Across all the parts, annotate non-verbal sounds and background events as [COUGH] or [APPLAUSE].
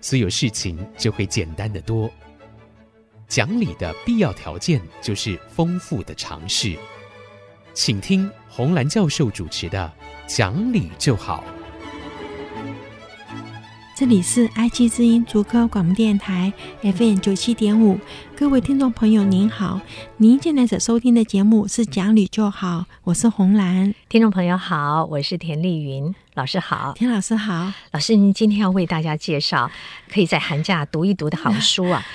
所有事情就會簡單得多。講理的必要條件就是豐富的嘗試，請聽洪蘭教授主持的《講理就好》。這裡是 IC 之音竹科廣播電台 FM 九七點五，各位聽眾朋友您好，您現在在收聽的節目是講理就好，我是紅蘭。聽眾朋友好，我是田麗雲。老師好，田老師好，老師您今天要為大家介紹可以在寒假讀一讀的好書啊。 [LAUGHS]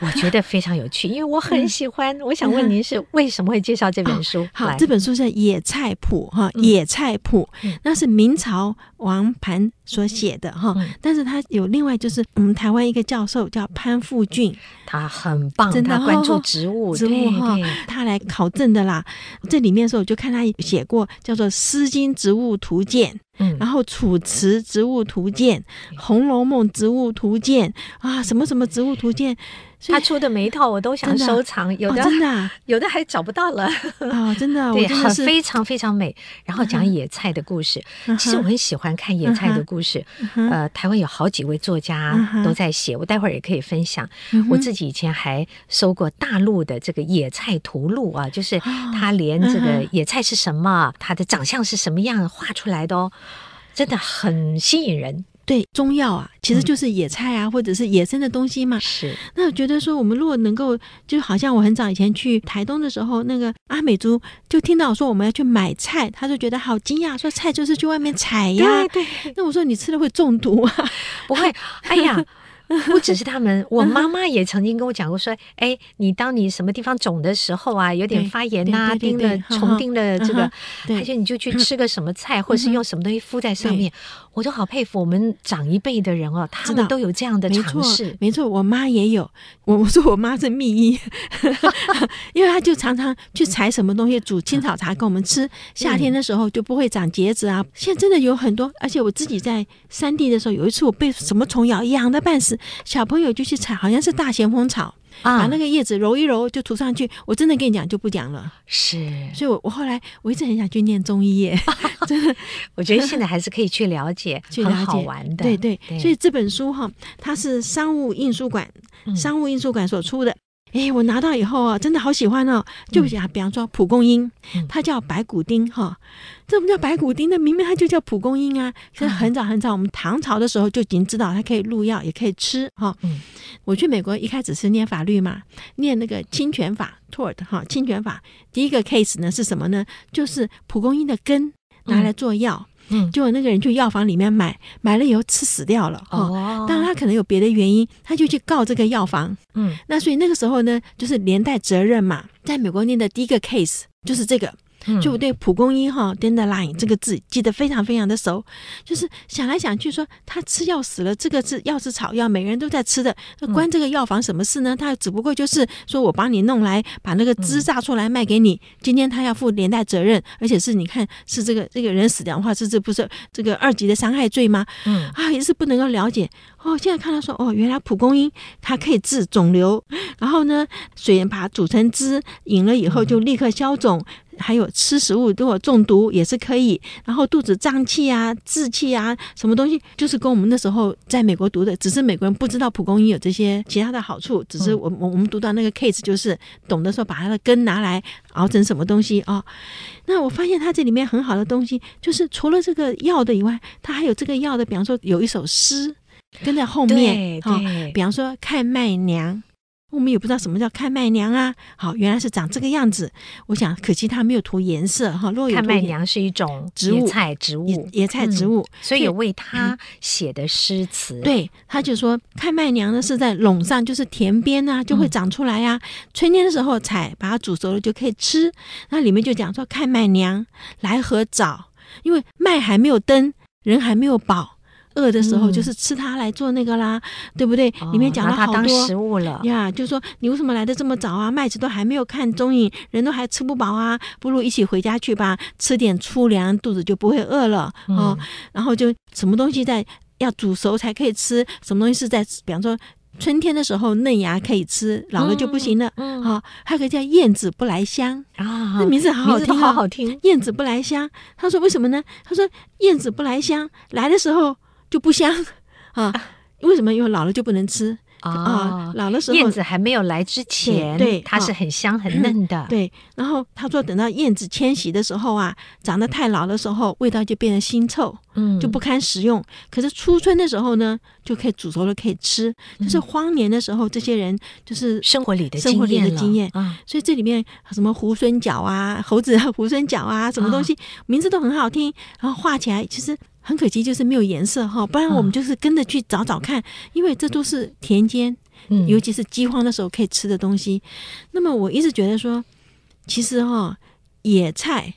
我覺得非常有趣，啊、因為我很喜歡、嗯。我想問您是為什麼會介紹這本書？啊、好，這本書是《野菜譜》哈，哦《野菜譜、嗯》那是明朝王盤所寫的哈、嗯嗯，但是他有另外就是我們、嗯、台灣一個教授叫潘富俊，嗯、他很棒真的、哦，他關注植物，哦、植物哈、哦，他來考證的啦。這裡面的時候，我就看他寫過叫做《詩經植物圖鑑》，嗯，然後《楚辭植物圖鑑》嗯《紅樓夢植物圖鑑、嗯》啊，什麼什麼植物圖鑑。他出的每一套我都想收藏，真的啊、有的、哦真的啊、有的還找不到了啊、哦！真的、啊， [LAUGHS] 對，很非常非常美。然後講野菜的故事、嗯，其實我很喜歡看野菜的故事。嗯嗯、呃，台灣有好幾位作家都在寫、嗯，我待會兒也可以分享。嗯、我自己以前還收過大陸的這個野菜圖錄啊，就是他連這個野菜是什麼，他、哦嗯、的長相是什麼樣畫出來的哦，真的很吸引人。對中藥啊，其實就是野菜啊、嗯，或者是野生的東西嘛。是，那我覺得說我們如果能夠，就好像我很早以前去台東的時候，那個阿美族就聽到說我們要去買菜，他就覺得好驚訝，說菜就是去外面採呀、嗯。對，那我說你吃了會中毒啊！不會？ [LAUGHS] 哎呀。 [LAUGHS] 不只是他們，我媽媽也曾經跟我講過說：“哎、欸，你當你什麼地方腫的時候啊，有點發炎啦、啊，叮的、蟲叮的。’這個，而、嗯、且你就去吃個什麼菜，嗯、或者是用什麼東西敷在上面，我就好佩服我們長一輩的人哦、啊，他們都有這樣的嘗試。沒錯，我媽也有，我我說我媽是密醫， [LAUGHS] [LAUGHS] [LAUGHS] 因為她就常常去採什麼東西煮青草茶給我們吃，夏天的時候就不會長癤子啊。現在真的有很多，而且我自己在山地的時候，有一次我被什麼蟲咬一的辦事，癢的半死。”小朋友就去採，好像是大鹹豐草，嗯，把那個葉子揉一揉就塗上去。我真的跟你講就不講了。是，所以我，我我後來我一直很想去念中醫，嗯、 [LAUGHS] 真的。 [LAUGHS] 我覺得現在還是可以去了解，去了解，好玩的。對對，對。所以這本書哈，它是商務印書館，嗯，商務印書館所出的。哎、欸，我拿到以後啊，真的好喜歡哦！就講、啊，比方說蒲公英，嗯、它叫白骨丁哈，這不叫白骨丁，那明明它就叫蒲公英啊！可是很早很早，我們唐朝的時候就已經知道它可以入藥，也可以吃哈、嗯。我去美國一開始是念法律嘛，念那個侵權法 Tort 哈，侵權法第一個 case 呢是什麼呢？就是蒲公英的根拿來做藥。嗯。嗯，就那個人去藥房裡面買，買了以後吃死掉了哦。當、oh，然他可能有別的原因，他就去告這個藥房。嗯，那所以那個時候呢，就是連帶責任嘛。在美國念的第一個 case 就是這個。嗯就我對蒲公英哈、哦、dandelion、嗯、這個字記得非常非常的熟，就是想來想去說他吃藥死了，這個是藥是草藥，每人都在吃的，那關這個藥房什麼事呢？他、嗯、只不過就是說我幫你弄來，把那個汁榨出來賣給你。嗯、今天他要負連帶責任，而且是，你看是這個這個人死掉的話，是這不是這個二級的傷害罪嗎？嗯啊，也是不能夠了解哦。現在看到說哦，原來蒲公英它可以治腫瘤，然後呢，水鹽把它煮成汁飲了以後，就立刻消腫。嗯嗯還有吃食物如果中毒也是可以，然後肚子脹氣啊、滯氣啊，什麼東西，就是跟我們那時候在美國讀的，只是美國人不知道蒲公英有這些其他的好處，只是我們我們讀到那個 case 就是懂得說把它的根拿來熬成什麼東西啊、哦。那我發現它這裡面很好的東西，就是除了這個藥的以外，它還有這個藥的，比方說有一首詩跟在後面啊、哦，比方說看麥娘。我們也不知道什麼叫看麥娘啊，好，原來是長這個樣子。我想，可惜它沒有塗顏色哈。看麥娘是一種植野菜植物，野菜植、嗯、植物，所以為他寫的詩詞。嗯、對，他就說看麥娘呢是在壟上，就是田邊吶、啊，就會長出來呀、啊嗯。春天的時候採，把它煮熟了就可以吃。那裡面就講說看麥娘來何早？因為麥還沒有登，人還沒有飽。餓的時候就是吃它來做那個啦，嗯、對不對、哦？裡面講了好多當食物了呀。就說你為什麼來的這麼早啊？麥子都還沒有看蹤影，人都還吃不飽啊！不如一起回家去吧，吃點粗糧，肚子就不會餓了啊、嗯哦。然後就什麼東西在要煮熟才可以吃，什麼東西是在，比方說春天的時候嫩芽可以吃，老了就不行了嗯，好、嗯哦，還有個叫燕子不來香啊，這名字好好聽、啊、名字都好好聽。燕子不來香，他說為什麼呢？他說燕子不來香，來的時候。就不香啊，啊？為什麼？因為老了就不能吃、哦、啊。老的時候，燕子還沒有來之前，對，它是很香很嫩的。嗯、對。然後他說，等到燕子遷徙的時候啊，長得太老的時候，味道就變得腥臭，嗯，就不堪食用、嗯。可是初春的時候呢，就可以煮熟了可以吃。就是荒年的時候，這些人就是生活裡的經驗、嗯、生活裡的經驗啊、嗯。所以這裡面什麼猢猻角啊，猴子猢猻角啊，什麼東西、啊、名字都很好聽，然後畫起來其實。很可惜，就是沒有顏色哈，不然我們就是跟着去找找看，因為這都是田間，尤其是饑荒的時候可以吃的東西。嗯、那麼我一直覺得說，其實哈、哦、野菜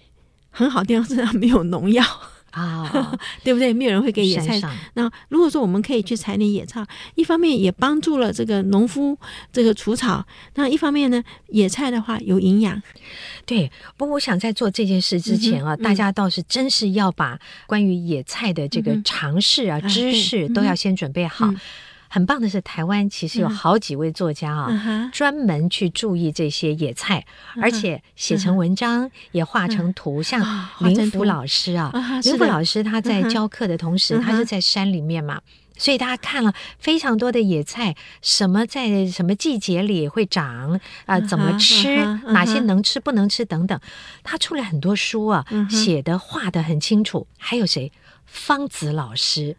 很好的地方是沒有農藥。啊、哦， [LAUGHS] 對不對？沒有人會給野菜上，那如果說我們可以去採點野菜，一方面也幫助了這個農夫這個除草，那一方面呢，野菜的話有營養。對，不過我想在做這件事之前啊，嗯嗯、大家倒是真是要把關於野菜的這個嘗試啊、嗯、知識都要先準備好。嗯很棒的是，台灣其實有好幾位作家啊，嗯、專門去注意這些野菜，嗯、而且寫成文章、嗯，也畫成圖。像林福老師啊，啊啊林福老師他在教課的同時，嗯、他是在山裡面嘛、嗯，所以他看了非常多的野菜，嗯、什麼在什麼季節裡會長啊、嗯呃，怎麼吃、嗯，哪些能吃不能吃等等，嗯、他出了很多書啊，嗯、寫的畫的很清楚。還有誰？方子老師，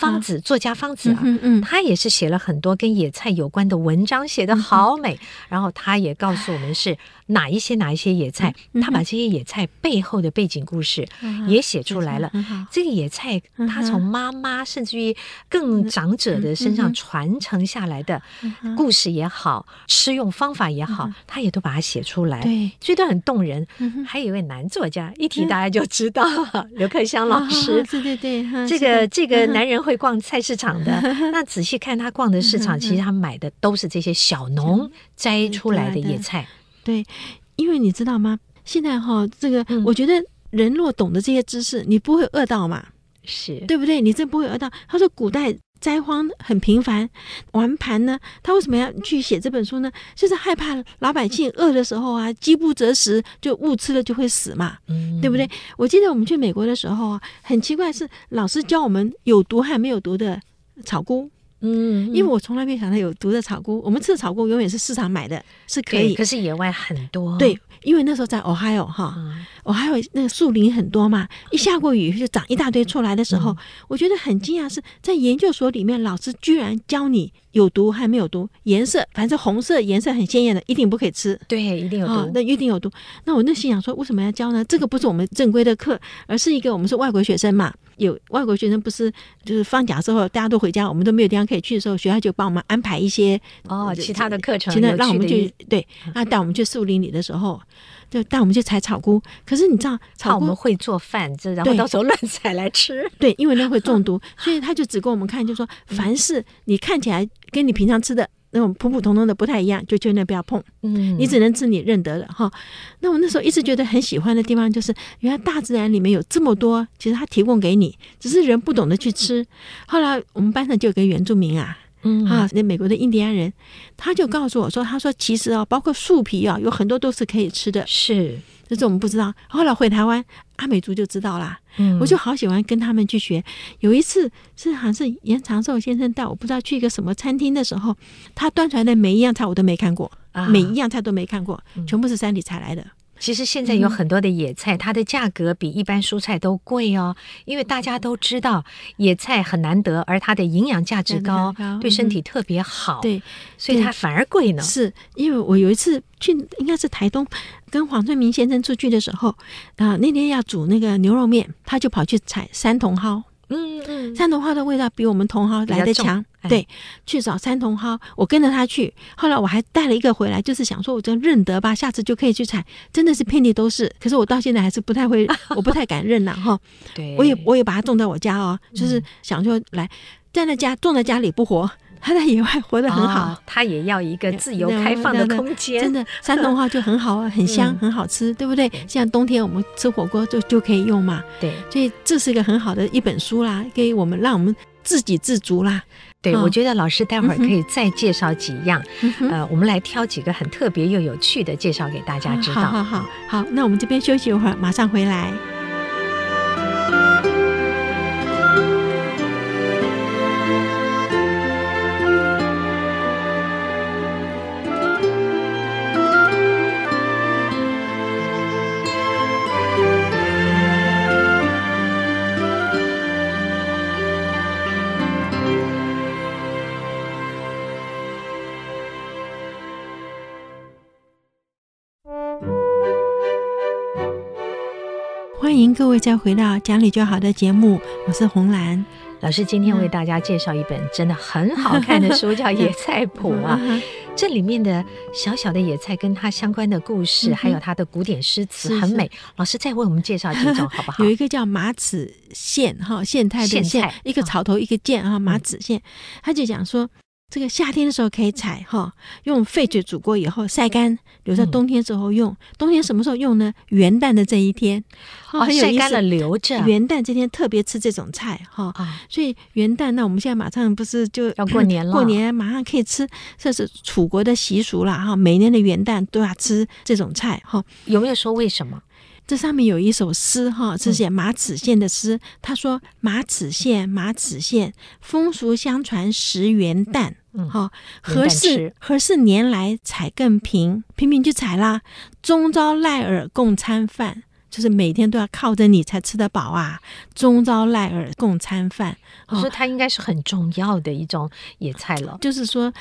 方子作家，方子啊，uh -huh. 他也是寫了很多跟野菜有關的文章，寫得好美。Uh -huh. 然後他也告訴我們是。哪一些哪一些野菜、嗯嗯，他把這些野菜背後的背景故事也寫出來了、嗯。這個野菜，他、嗯、從媽媽甚至於更長者的身上傳承下來的，故事也好，食、嗯、用方法也好、嗯，他也都把它寫出來。嗯、對，所以都很動人。嗯、還有一位男作家，一提大家就知道、嗯、劉克襄老師。對、哦、對對，嗯、這個、嗯、這個男人會逛菜市場的，那、嗯、仔細看他逛的市場、嗯，其實他買的都是這些小農摘出來的野菜。嗯對，因為你知道嗎？現在哈、哦，這個、嗯、我覺得人若懂得這些知識，你不會餓到嘛？是對不對？你這不會餓到。他說古代災荒很頻繁，王磐呢，他為什麼要去寫這本書呢？就是害怕老百姓餓的時候啊，飢不擇食，就誤吃了就會死嘛、嗯，對不對？我記得我們去美國的時候啊，很奇怪是老師教我們有毒和沒有毒的草菇。嗯，因為我從來沒想到有毒的草菇，我們吃的草菇永遠是市場買的，是可以。可是野外很多。對，因為那時候在 Ohio 哈，我還有那個樹林很多嘛，一下過雨就長一大堆出來的時候，嗯、我覺得很驚訝是，是在研究所裡面老師居然教你。有毒還沒有毒，顏色反正紅色，顏色很鮮豔的，一定不可以吃。對，一定有毒。哦，那一定有毒。那我內心想說，為什麼要教呢？這個不是我們正規的課，而是一個我們是外國學生嘛。有外國學生不是就是放假之後大家都回家，我們都沒有地方可以去的時候，學校就幫我們安排一些哦其他的課程的，那讓我們去對啊，帶我們去樹林裡的時候。就帶我們去採草菇，可是你知道草菇我們會做飯，這，然後到時候亂採來吃，對，對，因為那會中毒， [LAUGHS] 所以他就只給我們看，就說凡是你看起來跟你平常吃的、嗯、那種普普通通的不太一樣，就就那不要碰，嗯，你只能吃你認得了哈。那我那時候一直覺得很喜歡的地方，就是原來大自然裡面有這麼多，其實他提供給你，只是人不懂得去吃。後來我們班上就有個原住民啊。嗯啊，那美國的印第安人，他就告訴我說：“他說其實啊、哦，包括樹皮啊，有很多都是可以吃的。是，這是我們不知道。後來回台灣，阿美族就知道啦。嗯，我就好喜歡跟他們去學。有一次是好像是嚴長壽先生帶我不知道去一個什麼餐廳的時候，他端出來的每一樣菜我都沒看過、啊，每一樣菜都沒看過，全部是山裡採來的。”其實現在有很多的野菜，嗯，它的價格比一般蔬菜都貴哦，因為大家都知道野菜很難得，而它的營養價值高，對身體特別好，嗯嗯，對，所以它反而貴呢。是因為我有一次去，應該是台東跟黃春明先生出去的時候，啊、呃，那天要煮那個牛肉麵，他就跑去採山茼蒿。嗯嗯嗯，山茼蒿的味道比我們茼蒿來的強。對、嗯，去找山茼蒿，我跟着他去，後來我還帶了一個回來，就是想說，我這認得吧，下次就可以去採。真的是遍地都是、嗯，可是我到現在還是不太會， [LAUGHS] 我不太敢認了、啊、哈。對，我也我也把它種在我家哦，就是想說來，在那家種在家裡不活。他在野外活得很好、哦，他也要一個自由開放的空間。真的，山東話就很好啊， [LAUGHS] 很香、嗯，很好吃，對不對？像冬天我們吃火鍋就就可以用嘛。對，所以這是一個很好的一本書啦，給我們讓我們自給自足啦。對、哦，我覺得老師待會兒可以再介紹幾樣、嗯，呃，我們來挑幾個很特別又有趣的介紹給大家知道。嗯、好，好好，好，那我們這邊休息一會兒，馬上回來。歡迎各位再回到《講理就好》的節目，我是紅蘭老師。今天為大家介紹一本真的很好看的書，叫《野菜譜》啊。 [LAUGHS] 這裡面的小小的野菜跟它相關的故事， [LAUGHS] 還有它的古典詩詞，很美是是。老師再為我們介紹幾種好不好？ [LAUGHS] 有一個叫馬齒莧哈，莧菜的莧，一個草頭，一個莧哈，馬齒莧、嗯，他就講說。這個夏天的時候可以採哈，用沸水煮過以後曬乾，留在冬天之後用。冬天什麼時候用呢？元旦的這一天，啊、哦，曬乾了留着。元旦這天特別吃這種菜哈，所以元旦那我們現在馬上不是就要過年了、嗯？過年馬上可以吃，這是楚國的習俗了哈。每年的元旦都要吃這種菜哈，有沒有說為什麼？這上面有一首詩，哈，這寫馬齒莧的詩。他、嗯、說：“馬齒莧，馬齒莧，風俗相傳食元旦，好、嗯、何時何時年來採更頻，頻頻去採啦，終朝賴爾共餐飯。”就是每天都要靠着你才吃得飽啊，終朝賴爾供餐飯，我說它應該是很重要的一種野菜了。哦、就是說，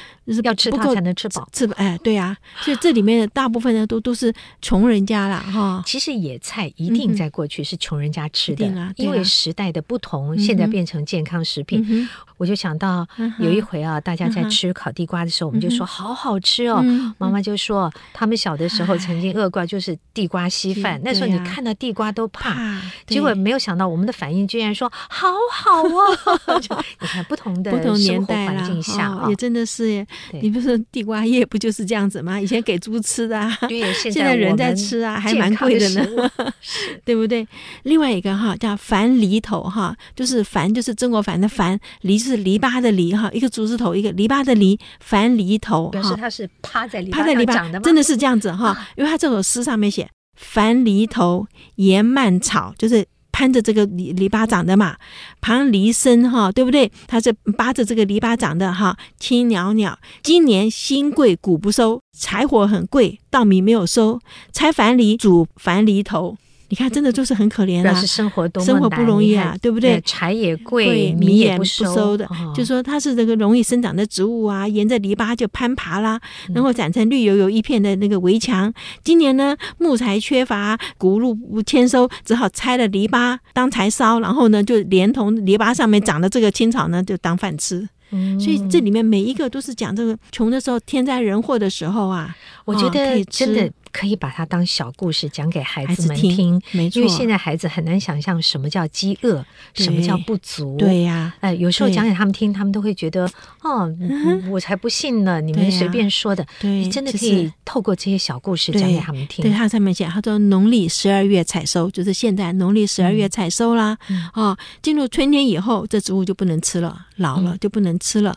要吃它才能吃飽。吃哎，對啊，就這裡面的大部分的 [LAUGHS] 都都是窮人家了哈、哦。其實野菜一定在過去是窮人家吃的，嗯啊對啊、因為時代的不同、嗯，現在變成健康食品。嗯、我就想到有一回啊、嗯，大家在吃烤地瓜的時候，嗯、我們就說、嗯、好好吃哦。嗯、媽媽就說、嗯，他們小的時候曾經餓過，就是地瓜稀飯。那時候你看、啊。看到地瓜都怕,怕，結果沒有想到我們的反應居然說好好哦。 [LAUGHS] 就你看不同的 [LAUGHS] 不同年代了，環境下、啊哦、也真的是耶。你不是說地瓜葉不就是這樣子嗎？以前給豬吃的、啊，對現的，現在人在吃啊，還蠻貴的呢，的 [LAUGHS] 對不對？另外一個哈叫藩籬頭哈，就是藩就是曾國藩的藩，籬是籬笆的籬哈，一個竹字頭一個籬笆的籬藩籬頭表示它是趴在趴在籬笆長的嗎，真的是這樣子哈、啊，因為他這首詩上面寫。樊籬頭，鹽蔓草，就是攀着這個籬籬笆長的嘛。旁籬生，哈，對不對？它是扒着這個籬笆長的哈。青裊裊，今年薪貴，穀不收，柴火很貴，稻米沒有收，拆樊籬，煮樊籬頭。你看，真的就是很可憐啊！嗯、是生活多生活不容易啊，對不對？柴也貴，米也，也不收的。哦、就說它是這個容易生長的植物啊，沿着籬笆就攀爬啦，嗯、然後長成綠油油一片的那個圍牆。今年呢，木材缺乏，谷物不歉收，只好拆了籬笆當柴燒，然後呢，就連同籬笆上面長的這個青草呢，嗯、就當飯吃、嗯。所以這裡面每一個都是講這個窮的時候，天災人禍的時候啊，我覺得、啊、真的。可以把它當小故事講給孩子們聽，子聽沒錯，因為現在孩子很難想象什麼叫飢餓，什麼叫不足，對呀、啊，哎、呃，有時候講給他們聽，他們都會覺得哦、嗯我，我才不信呢，你們隨便說的，對、啊。你真的可以透過這些小故事講給他們聽。對，就是、對對他上面寫，他說農曆十二月採收，就是現在農曆十二月採收啦、嗯，哦，進入春天以後，這植物就不能吃了，老了就不能吃了，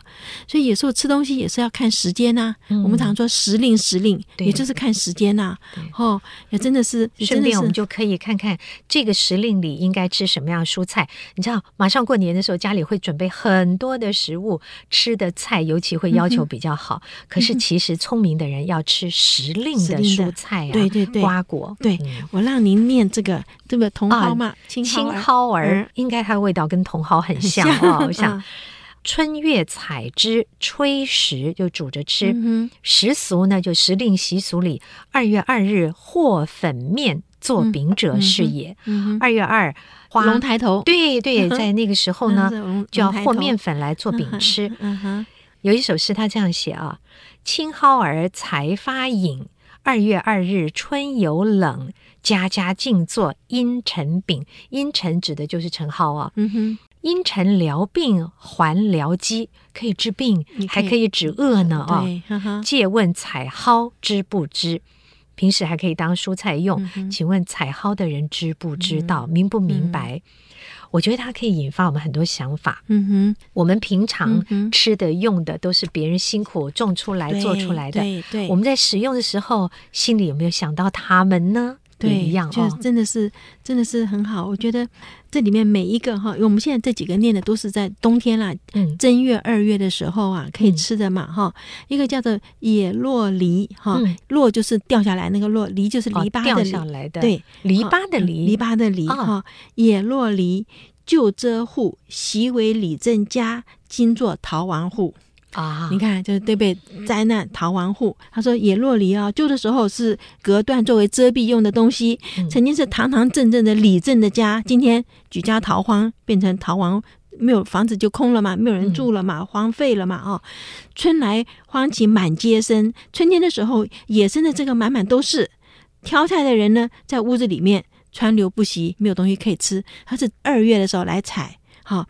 所以有時候吃東西也是要看時間吶、啊嗯。我們常說時令時令，對也就是看時間吶、啊。哦，也真的是，順、嗯、便我們就可以看看這個時令裡應該吃什麼樣的蔬菜。你知道，馬上過年的時候，家裡會準備很多的食物，吃的菜尤其會要求比較好。嗯、可是其實聰明的人要吃時令的蔬菜啊，對對對，瓜果。對、嗯、我讓您念這個，這個茼蒿嘛，青蒿兒，嗯、應該它的味道跟茼蒿很像，很像哦，我想。啊春月採之炊食，就煮着吃、嗯。時俗呢，就時令習俗裡，二月二日和粉面做餅者是也。二、嗯嗯、月二，龍抬頭。對對，在那個時候呢，嗯、就要和麵粉來做餅吃。嗯哼嗯、哼有一首詩，他這樣寫啊：“青蒿兒才發穎，二月二日春猶冷，家家競做茵陳餅。茵陳指的就是陳蒿啊。嗯哼”茵陳療病還療飢，可以治病，還可以止餓呢啊、哦！借問採蒿知不知？平時還可以當蔬菜用。嗯、請問採蒿的人知不知道、嗯、明不明白、嗯？我覺得它可以引發我們很多想法。嗯哼，我們平常吃的、用的都是別人辛苦種出來、做出來的。嗯、對對，對，我們在使用的時候，心裡有沒有想到他們呢？對，一樣、哦，就真的是，真的是很好。我覺得這裡面每一個哈，因為我們現在這幾個念的都是在冬天啦，正月二月的時候啊，嗯、可以吃的嘛哈、嗯。一個叫做野落梨哈，落就是掉下來那個落，梨就是籬笆的、哦、掉下來的，的梨，對、嗯，籬笆的梨，籬笆的梨哈。野落梨舊遮戶，昔為里正家今作逃亡戶。啊， [NOISE] 你看，就是對被災難逃亡戶，他說野落藜啊，舊的時候是隔斷作為遮蔽用的東西，曾經是堂堂正正的里正的家，今天舉家逃荒變成逃亡，沒有房子就空了嘛，沒有人住了嘛，荒廢了嘛，啊、哦，春來荒起滿街生，春天的時候野生的這個滿滿都是，挑菜的人呢在屋子裡面川流不息，沒有東西可以吃，他是二月的時候來採，哈、哦，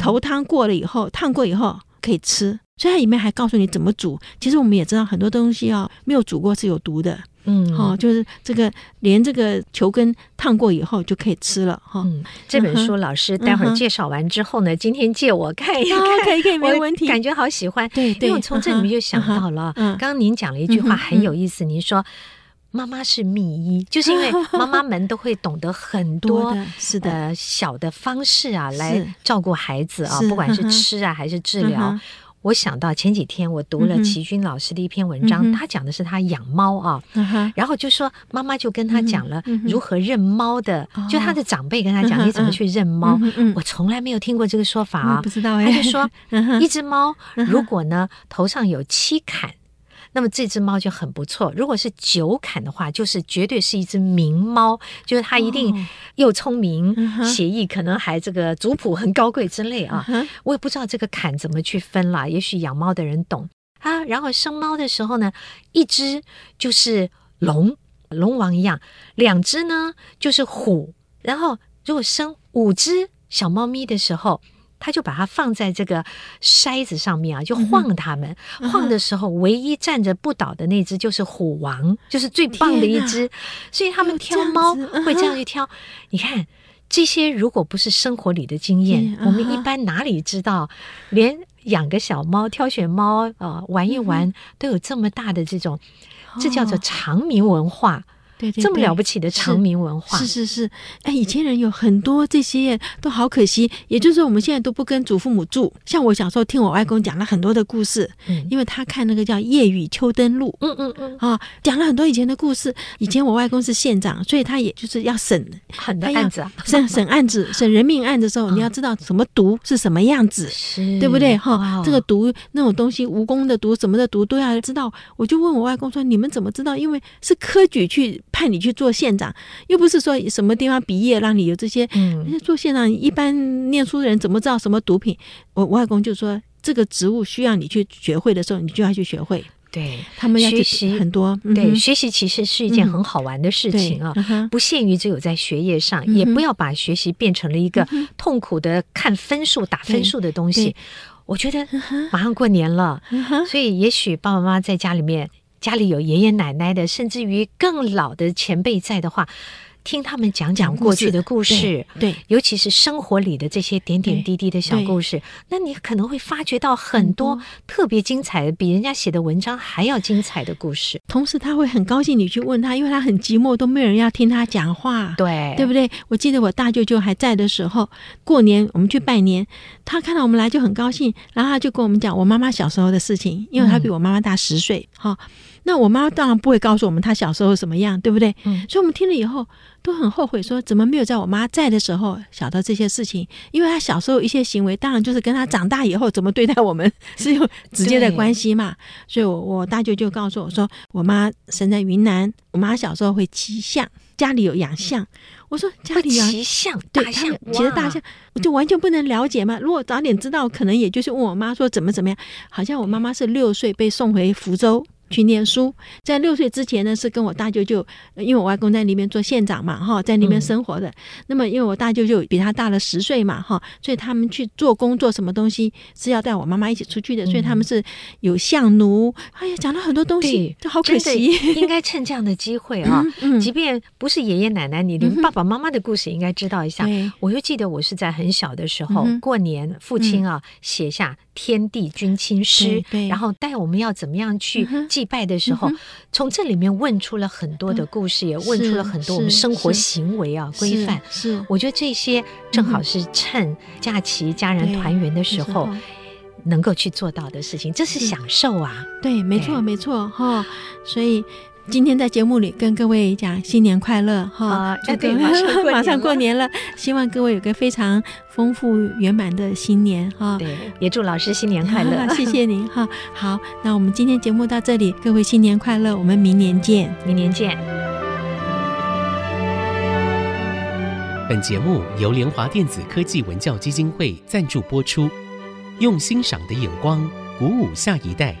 頭湯過了以後，燙過以後可以吃。所以它裡面還告訴你怎麼煮。其實我們也知道很多東西啊，沒有煮過是有毒的。嗯，哈、哦，就是這個連這個球根燙過以後就可以吃了。哈、哦嗯，這本書老師待會兒介紹完之後呢、嗯，今天借我看一看，嗯嗯嗯、可以可以沒問題。感覺好喜歡，對，對，對，因為從這裡面就想到了，剛、嗯、剛、嗯嗯、您講了一句話很有意思，嗯嗯、您說媽媽是秘醫、嗯，就是因為媽媽們都會懂得很多、嗯呃、是的小的方式啊，來照顧孩子啊、哦，不管是吃啊是、嗯、還是治療。嗯我想到前幾天我讀了齊軍老師的一篇文章，嗯，他講的是他養貓啊、嗯，然後就說媽媽就跟他講了如何認貓的。嗯、就他的長輩跟他講你怎麼去認貓。嗯嗯嗯嗯嗯、我從來沒有聽過這個說法啊，不知道、哎。他就說、嗯、一隻貓如果呢頭上有七坎。嗯那麼這隻貓就很不錯。如果是九坎的話，就是絕對是一隻名貓，就是它一定又聰明、哦、寫意，可能還這個族譜很高貴之類啊、嗯。我也不知道這個坎怎麼去分了，也許養貓的人懂啊。然後生貓的時候呢，一隻就是龍，龍王一樣；兩隻呢就是虎。然後如果生五隻小貓咪的時候。他就把它放在這個篩子上面啊，就晃它們、嗯。晃的時候，唯一站着不倒的那只就是虎王，就是最棒的一只。啊、所以他們挑貓這、嗯、會這樣去挑。你看這些，如果不是生活裡的經驗、嗯，我們一般哪裡知道？連養個小貓、挑選貓啊、呃、玩一玩、嗯，都有這麼大的這種，這叫做常民文化。哦對對對，這麼了不起的長明文化，是是是，是。哎，以前人有很多這些都好可惜。嗯、也就是說，我們現在都不跟祖父母住。像我小時候聽我外公講了很多的故事、嗯，因為他看那個叫《夜雨秋燈錄》，嗯嗯嗯，啊、嗯，講、哦、了很多以前的故事。以前我外公是縣長，所以他也就是要審很多案子，審審案子、審人命案的時候、嗯，你要知道什麼毒是什麼樣子，是，對不對？哈、哦哦，這個毒那種東西，蜈蚣的毒、什麼的毒都要知道。我就問我外公說：“你們怎麼知道？”因為是科舉去。派你去做縣長，又不是說什麼地方畢業讓你有這些。嗯、做縣長一般念書的人怎麼知道什麼毒品？我，我外公就說，這個職務需要你去學會的時候，你就要去學會。對他們要學習很多。對、嗯，學習其實是一件很好玩的事情啊，嗯、不限於只有在學業上、嗯，也不要把學習變成了一個痛苦的看分數、嗯、打分數的東西。我覺得、嗯、馬上過年了，嗯、所以也許爸爸媽媽在家裡面。家裡有爺爺奶奶的，甚至於更老的前輩在的話，聽他們講講過去的故事，故事對對，對，尤其是生活裡的這些點點滴滴的小故事，那你可能會發覺到很多特別精彩的、的，比人家寫的文章還要精彩的故事。同時，他會很高興你去問他，因為他很寂寞，都沒有人要聽他講話，對，對不對？我記得我大舅舅還在的時候，過年我們去拜年，他看到我們來就很高興，然後他就跟我們講我媽媽小時候的事情，因為他比我媽媽大十歲，哈、嗯。哦那我媽當然不會告訴我們她小時候什麼樣，對不對？嗯。所以，我們聽了以後都很後悔說，說怎麼沒有在我媽在的時候想到這些事情。因為她小時候一些行為，當然就是跟她長大以後怎麼對待我們是有直接的關係嘛。所以我，我我大舅就告訴我說，我媽生在雲南，我媽小時候會騎象，家裡有養象。嗯。我說家裡有騎象，對，象對騎着大象，我就完全不能了解嘛。如果早點知道，可能也就是問我媽說怎麼怎麼樣。好像我媽媽是六歲被送回福州。去念書，在六歲之前呢，是跟我大舅舅，呃、因為我外公在那邊做縣長嘛，哈，在那邊生活的。嗯、那麼，因為我大舅舅比他大了十歲嘛，哈，所以他們去做工做什麼東西是要帶我媽媽一起出去的，嗯、所以他們是有相奴。哎呀，講了很多東西，嗯、這好可惜。應該趁這樣的機會啊，嗯嗯、即便不是爺爺奶奶，你連爸爸媽媽的故事應該知道一下。嗯、我就記得我是在很小的時候、嗯、過年，父親啊、嗯、寫下。天地君親師。對對，然後帶我們要怎麼樣去祭拜的時候，嗯嗯、從這裡面問出了很多的故事，也問出了很多我們生活行為啊規範是。是，我覺得這些正好是趁假期家人團圓的時候，能夠去做到的事情，這是享受啊。對，沒錯，沒錯，哈、哦，所以。今天在節目裡跟各位講新年快樂哈！哎、啊、對，馬上馬上過年了，希望各位有個非常豐富圓滿的新年哈！對，也祝老師新年快樂，謝謝您哈！好，那我們今天節目到這裡，各位新年快樂，我們明年見，明年見。本節目由聯華電子科技文教基金會贊助播出，用欣賞的眼光鼓舞下一代，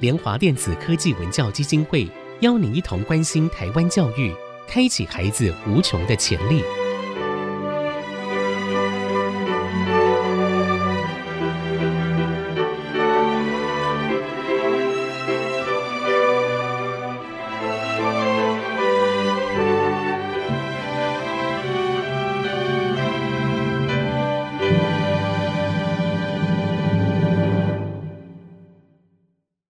聯華電子科技文教基金會。邀您一同關心台灣教育，開啟孩子無窮的潛力。